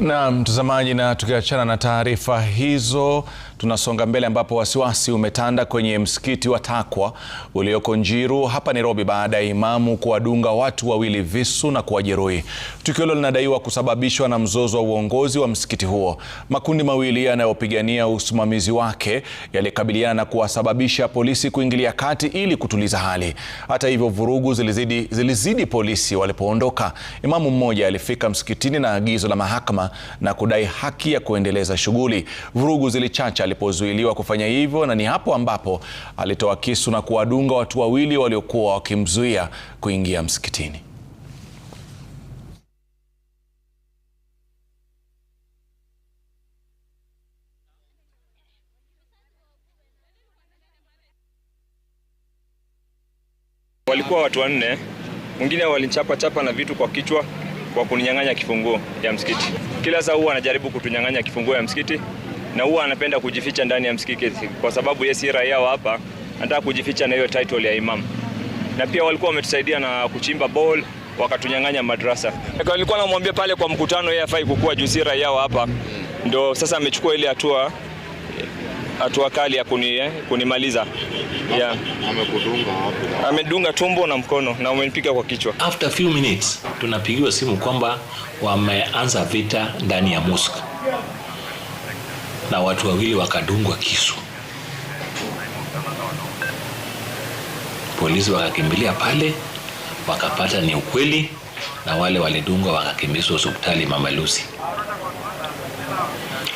Na mtazamaji, na tukiachana na taarifa hizo, tunasonga mbele ambapo wasiwasi umetanda kwenye msikiti wa Takwa ulioko Njiru hapa Nairobi baada ya imamu kuwadunga watu wawili visu na kuwajeruhi. Tukio hilo linadaiwa kusababishwa na mzozo wa uongozi wa msikiti huo. Makundi mawili yanayopigania usimamizi wake yalikabiliana na kuwasababisha polisi kuingilia kati ili kutuliza hali. Hata hivyo, vurugu zilizidi, zilizidi polisi walipoondoka. Imamu mmoja alifika msikitini na agizo la mahakama usalama na kudai haki ya kuendeleza shughuli. Vurugu zilichacha alipozuiliwa kufanya hivyo, na ni hapo ambapo alitoa kisu na kuwadunga watu wawili waliokuwa wakimzuia kuingia msikitini. Walikuwa watu wanne, mwingine walinichapa chapa na vitu kwa kichwa kwa kuninyang'anya kifunguo ya msikiti. Kila saa huwa anajaribu kutunyang'anya kifunguo ya msikiti na huwa anapenda kujificha ndani ya msikiti kwa sababu yeye si raia wa hapa, anataka kujificha na hiyo title ya imam. Na pia walikuwa wametusaidia na kuchimba bowl wakatunyang'anya madrasa. Nilikuwa namwambia pale kwa mkutano, yeye afai kukua juu si raia wa hapa, ndo sasa amechukua ile hatua hatua kali ya kuni, eh, kunimaliza yeah. Amedunga tumbo na mkono na umenipiga kwa kichwa. After few minutes tunapigiwa simu kwamba wameanza vita ndani ya mosque na watu wawili wakadungwa kisu, polisi wakakimbilia pale wakapata ni ukweli, na wale walidungwa wakakimbizwa hospitali Mama Lucy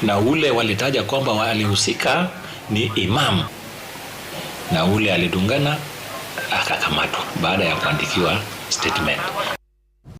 na ule walitaja kwamba alihusika ni imamu, na ule alidungana akakamatwa baada ya kuandikiwa statement.